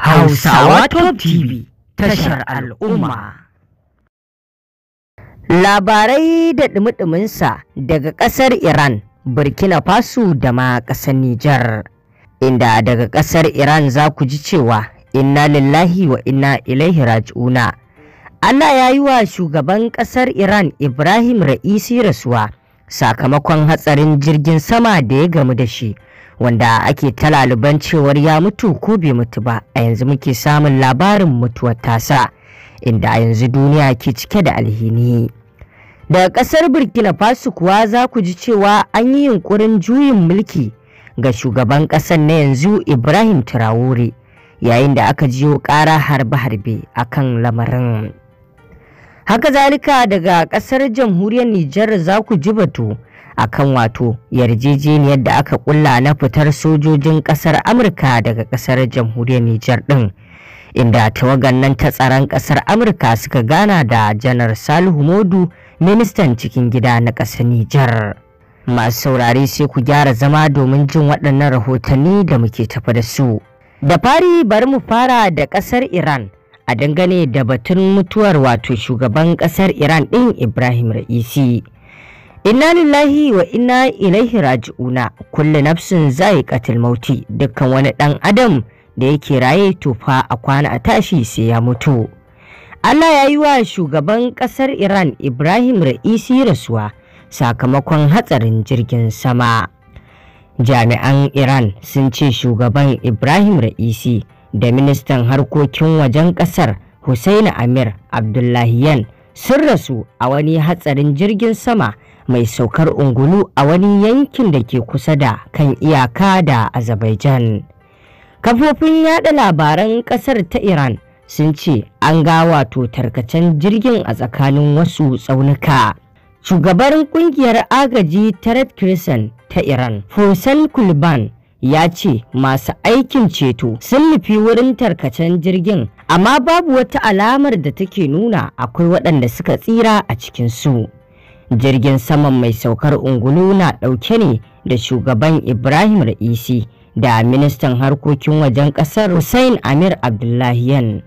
Hausawa Top TV tashar al'umma. Labarai da ɗumi-ɗuminsa daga ƙasar Iran, Burkina Faso da ma ƙasar Nijar. Inda daga ƙasar Iran za ku ji cewa inna lillahi wa inna ilaihi raji'una. Allah ya yi wa shugaban ƙasar Iran Ibrahim Ra'isi rasuwa sakamakon hatsarin jirgin sama da ya gamu da shi. wanda ake talaliban cewar ya mutu ko bai mutu ba a yanzu muke samun labarin mutuwar tasa inda a yanzu duniya ke cike da alhini daga ƙasar burkina faso kuwa za ku ji cewa an yi yunkurin juyin mulki ga shugaban ƙasar na yanzu ibrahim traore yayin da aka jiyo ƙara harbe-harbe a kan lamarin haka zalika daga ƙasar jamhuriyar nijar za ku ji batu akan wato yarjejeniyar da aka kulla na fitar sojojin kasar amurka daga kasar jamhuriyar nijar din inda tawagan nan ta tsaron kasar amurka suka gana da janar salihu modu ministan cikin gida na kasar nijar masu saurare sai ku gyara zama domin jin waɗannan rahotanni da muke tafa da su da fari bari mu fara da kasar iran a dangane da batun mutuwar wato shugaban kasar iran ɗin ibrahim ra'isi Inna lillahi wa inna ilaihi raji'una kullu nafsin za'iqatul mauti dukkan wani dan adam da yake raye to fa a kwana a tashi sai ya mutu. Allah ya yi wa shugaban kasar Iran Ibrahim Ra'isi rasuwa sakamakon hatsarin jirgin sama. Jami'an Iran sun ce shugaban Ibrahim Ra'isi da ministan harkokin wajen kasar Hussein Amir Abdullahiyan sun rasu a wani hatsarin jirgin sama mai saukar ungulu a wani yankin da ke kusa da kan iyaka da Azerbaijan. Kafofin yada labaran kasar ta Iran sun ce an ga wato tarkacen jirgin a tsakanin wasu tsaunuka. shugaban kungiyar agaji ta Red Crescent ta Iran, Fursan Kulban, ya ce masu aikin ceto sun nufi wurin tarkacen jirgin amma babu wata alamar da take nuna akwai waɗanda suka tsira a cikinsu. jirgin saman mai saukar ungulu na ɗauke ne da shugaban ibrahim ra'isi da ministan harkokin wajen ƙasar hussein amir abdullahiyan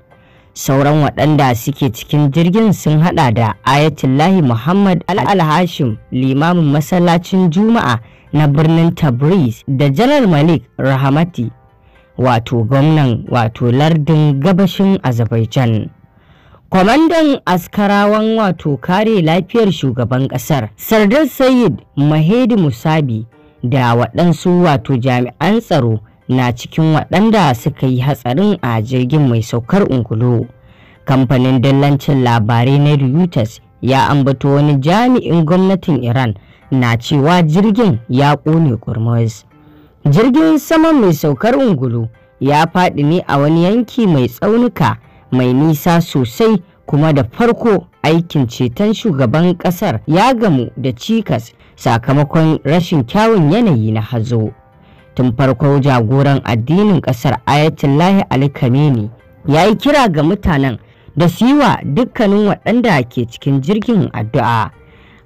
sauran waɗanda suke cikin jirgin sun haɗa da ayatullahi muhammad al-hashim limamin masallacin juma'a na birnin tabriz da janar malik rahamati wato gwamnan wato lardin gabashin azerbaijan kwamandan askarawan wato kare lafiyar shugaban kasar sardar sayid mahedi musabi da waɗansu wato jami'an tsaro na cikin waɗanda suka yi hatsarin a jirgin mai saukar ungulo kamfanin dallancin labarai na reuters ya ambato wani jami'in gwamnatin iran na cewa jirgin ya ƙone gurmuz. jirgin saman mai saukar ungulu ya faɗi ne a wani yanki mai tsaunuka mai nisa sosai kuma da farko aikin ceton shugaban kasar ya gamu da cikas sakamakon rashin kyawun yanayi na hazo. Tun farko jagoran addinin kasar Ayatullahi Ali Khamenei ya yi kira ga mutanen da su yi wa dukkanin waɗanda ke cikin jirgin addu'a.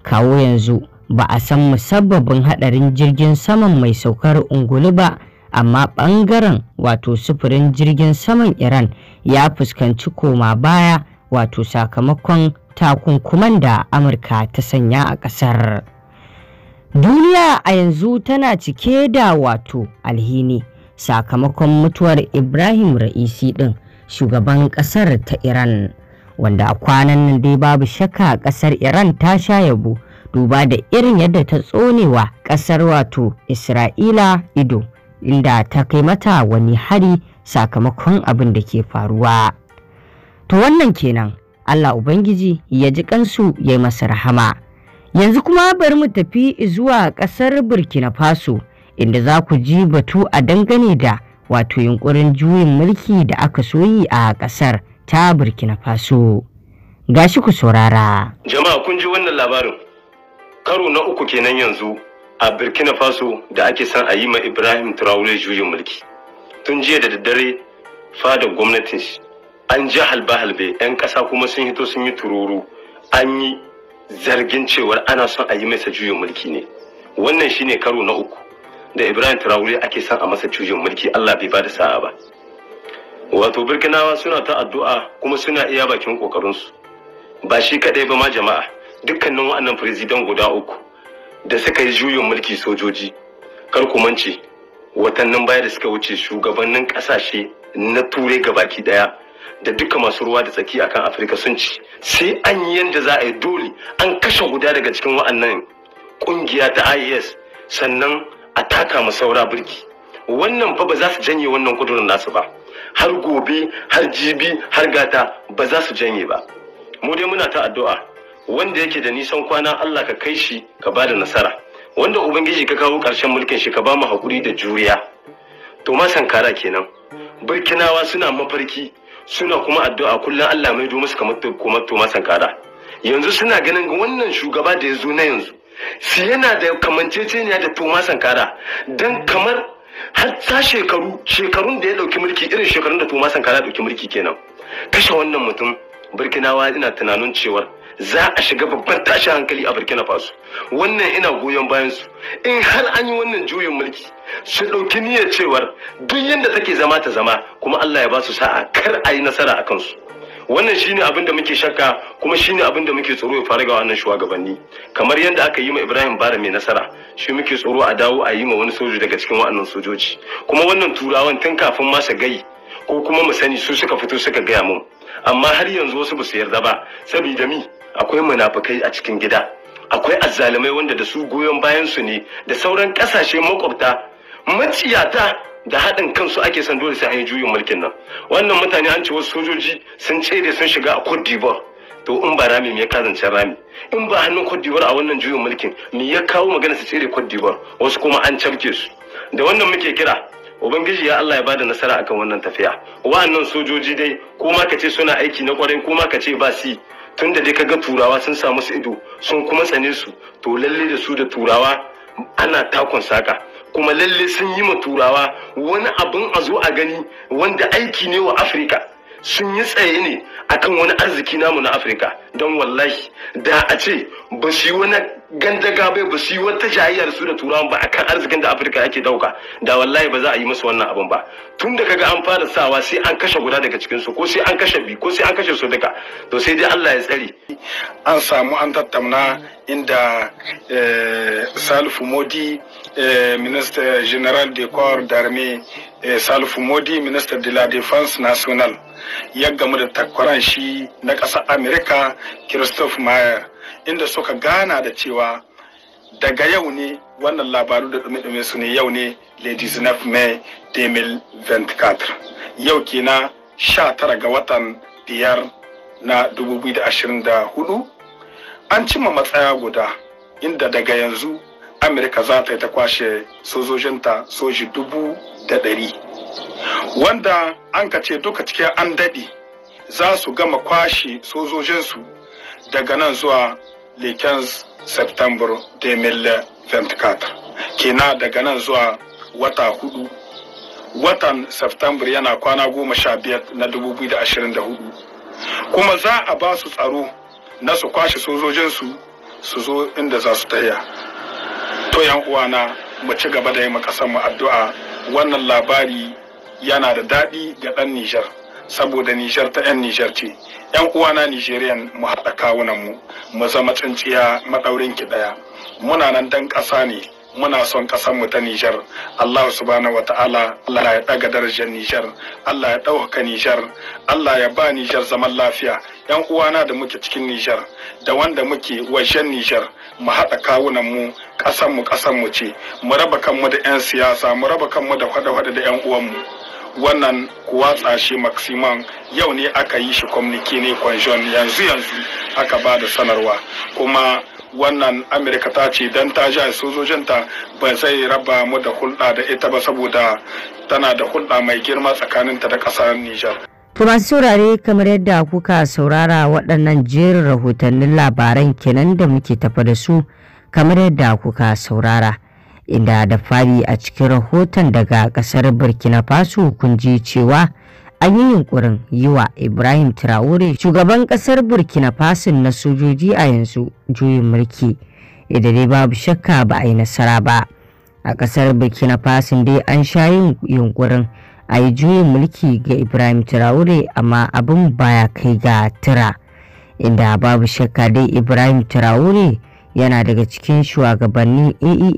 Kawo yanzu ba a san musabbabin haɗarin jirgin saman mai saukar ungulu ba amma ɓangaren wato sufurin jirgin saman iran ya fuskanci koma baya wato sakamakon takunkuman da amurka ta sanya a ƙasar duniya a yanzu tana cike da wato alhini sakamakon mutuwar ibrahim ra'isi ɗin shugaban ƙasar ta iran wanda a kwanan nan dai babu shaka ƙasar iran ta sha yabo duba da irin yadda ta tsonewa ƙasar wato isra'ila ido inda ta kai mata wani hari sakamakon abin da ke faruwa. To wannan kenan Allah Ubangiji ya ji kansu ya yi masa rahama. Yanzu kuma bari mu tafi zuwa ƙasar Burkina Faso inda za ku ji batu a dangane da wato yunkurin juyin mulki da aka soyi a ƙasar ta Burkina Faso. Gashi ku saurara. Jama'a kun ji wannan labarin. Karo na uku kenan yanzu a burkina faso da ake san a yi ma ibrahim traore juyin mulki tun jiya da daddare fadar gwamnatin shi an ji halbe-halbe 'yan ƙasa kuma sun hito sun yi tururu an yi zargin cewar ana son a yi masa juyin mulki ne wannan shine karo na uku da ibrahim traore ake san a masa juyin mulki allah bai ba da sa'a ba wato birkinawa suna ta addu'a kuma suna iya bakin kokarinsu ba shi kaɗai ba ma jama'a dukkanin waɗannan firizidan guda uku da suka yi juyin mulki sojoji kar ku mance watannin baya da suka wuce shugabannin kasashe na turai gabaki daya da duka masu ruwa da tsaki akan afirka sun ci sai an yi yadda za a yi dole an kashe guda daga cikin wa'annan kungiya ta ies sannan a taka mu saura birki wannan fa ba za su janye wannan kudurin nasu ba har gobe har jibi har gata ba za su janye ba mu dai muna ta addu'a wanda yake da nisan kwana Allah ka kai shi ka bada nasara wanda ubangiji ka kawo ƙarshen mulkin shi ka ba mu haƙuri da juriya to ma sankara kenan burkinawa suna mafarki suna kuma addu'a kullum Allah mai do musu kamar kuma to ma sankara yanzu suna ganin wannan shugaba da ya zo na yanzu shi yana da kamanceceniya da Toma Sankara don kamar har ta shekaru shekarun da ya ɗauki mulki irin shekarun da Toma Sankara ɗauki mulki kenan kashe wannan mutum Burkinawa ina tunanin cewar za a shiga babban tashin hankali a burkina faso wannan ina goyon bayan su in har an yi wannan juyin mulki su ɗauki niyyar cewar duk yadda take zama ta zama kuma allah ya ba su sa'a kar a yi nasara a kansu wannan shine abin da muke shakka kuma shine abin da muke tsoro ya fara ga wannan shugabanni kamar yadda aka yi ma Ibrahim Bara mai nasara shi muke tsoro a dawo a yi ma wani soji daga cikin wa'annan sojoji kuma wannan turawan tun kafin ma gai ko kuma mu sani su suka fito suka gaya mun amma har yanzu wasu ba su yarda ba saboda mi akwai munafukai a cikin gida akwai azzalumai wanda da su goyon bayan su ne da sauran kasashe makwabta maciyata da haɗin kansu ake son dole sai an yi juyin mulkin nan wannan mutane an ce wasu sojoji sun ce da sun shiga a Cote d'Ivoire to in ba rami me ya kazance rami in ba hannun Cote d'Ivoire a wannan juyin mulkin me ya kawo magana su cere Cote d'Ivoire wasu kuma an cafke su da wannan muke kira ubangiji ya Allah ya bada nasara akan wannan tafiya wa'annan sojoji dai ko ma kace suna aiki na kwarai ko ma kace ba si tun da dai kaga turawa sun samu su ido sun kuma tsane su to lalle da su da turawa ana takon saka kuma lalle sun yi ma turawa wani abin a zo a gani wanda aiki ne wa afirka sun yi tsaye ne akan wani arziki namu na afirka don wallahi da a ce ba su yi wani gandaga bai ba su yi wata jayayyar su da turawan ba akan arzikin da afirka ake dauka da wallahi ba za a yi musu wannan abin ba tun da kaga an fara sawa sai an kashe guda daga cikin su ko sai an kashe bi ko sai an kashe su duka to sai dai Allah ya tsare an samu an tattauna inda eh, salifu modi eh, minister general de corps d'armée Eh, salifu modi minister de la defense national ya gamu da takwaran shi na ƙasar america christophe mayer inda suka gana da cewa daga yau ne wannan labaru da dumi-dumi su ne yau ne ladies of may 2024 yau sha tara ga watan biyar na 2024 an cimma matsaya guda inda daga yanzu amurka za ta yi ta kwashe sojojinta soji dubu da ɗari wanda an ka ce duka cikin an daɗe za su gama kwashe sojojinsu daga nan zuwa leken september 2024 kena daga nan zuwa wata hudu watan september yana kwana goma sha biyar na 2024 kuma za a ba su tsaro na su kwashe sojojinsu su zo inda za su taya to yan uwana mu ci gaba da yi mu addu'a wannan labari yana da daɗi ga ɗan Nijar saboda Nijar ta 'yan Nijar ce. 'Yan uwana Nijeriyan mu haɗa kawunan mu mu zama tsintsiya maɗaurin ki ɗaya. Muna nan dan ƙasa ne muna son mu ta Nijar. Allah subhanahu wa ta'ala Allah ya ɗaga darajar Nijar, Allah ya ɗaukaka Nijar, Allah ya ba Nijar zaman lafiya. ‘Yan uwana da muke cikin Nijar, da wanda muke wajen Nijar, mu haɗa kawunan mu kasan mu kasan mu ce mu raba kanmu da 'yan siyasa mu raba kanmu da hwada-hwada da 'yan uwanmu wannan kuwa tsashe maximum yau ne aka yi shi kwamniki ne kwanjon yanzu yanzu aka ba da sanarwa kuma wannan amurka ta ce don ta ja sojojinta ba zai raba mu da hulɗa da ita ba saboda tana da hulɗa mai girma tsakaninta da ƙasar nijar To masu saurare kamar yadda kuka saurara waɗannan jerin rahotannin labaran kenan da muke tafa da su kamar yadda kuka saurara inda da fari a cikin rahoton daga kasar burkina faso kun ji cewa an yi yunkurin yi wa ibrahim traore shugaban kasar burkina faso na sojoji a yanzu juyin mulki idan dai babu shakka ba a yi nasara ba a kasar burkina faso dai an sha yin yunkurin a yi juyin mulki ga ibrahim traore amma abin baya kai ga tura inda babu shakka dai ibrahim traore yana daga cikin shugabannin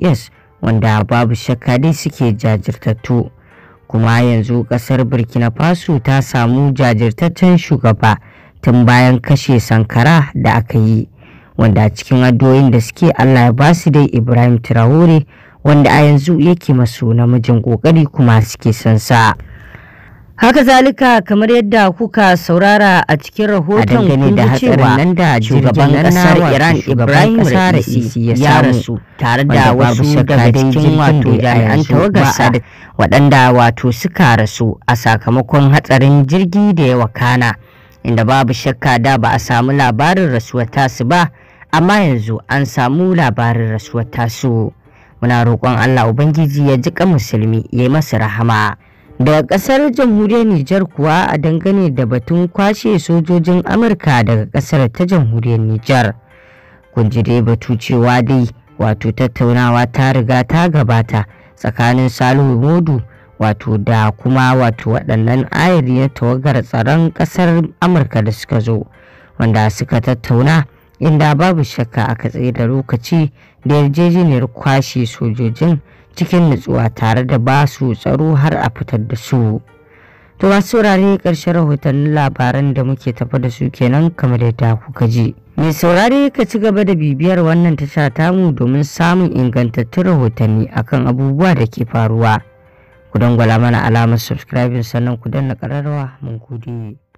aes wanda babu shakka dai suke jajirtattu kuma yanzu kasar burkina faso ta samu jajirtaccen shugaba tun bayan kashe sankara da aka yi wanda cikin addu'o'in da suke allah ya basu dai ibrahim traore wanda a yanzu yake masu namijin kokari kuma suke son sa. Haka zalika kamar yadda kuka saurara a cikin rahoton kun da da shugaban kasar Iran Ibrahim Raisi ya rasu tare da wasu daga cikin wato jami'an tawagarsa waɗanda wato suka rasu a sakamakon hatsarin jirgi da ya wakana inda babu shakka da ba a samu labarin rasuwar tasu ba amma yanzu an samu labarin rasuwar tasu muna roƙon Allah Ubangiji ya jika musulmi ya yi masa rahama. daga kasar jamhuriyar Nijar kuwa a dangane da batun kwashe sojojin Amurka daga kasar ta jamhuriyar Nijar. Kun dai batu cewa dai wato tattaunawa ta riga ta gabata tsakanin Salihu Modu wato da kuma wato waɗannan ayari na tawagar tsaron ƙasar Amurka da suka zo wanda suka tattauna inda babu shakka aka tsaye da lokaci da yarjejeniyar kwashe sojojin cikin nutsuwa tare da ba su tsaro har a fitar da su. To masu saurare ƙarshen rahotannin labaran da muke tafa da su kenan kamar yadda kuka ji. Mai saurare ka ci gaba da bibiyar wannan tasha tamu domin samun ingantattun rahotanni akan abubuwa da ke faruwa. Ku dangwala mana alamar subscribing sannan ku danna ƙararrawa mun gode.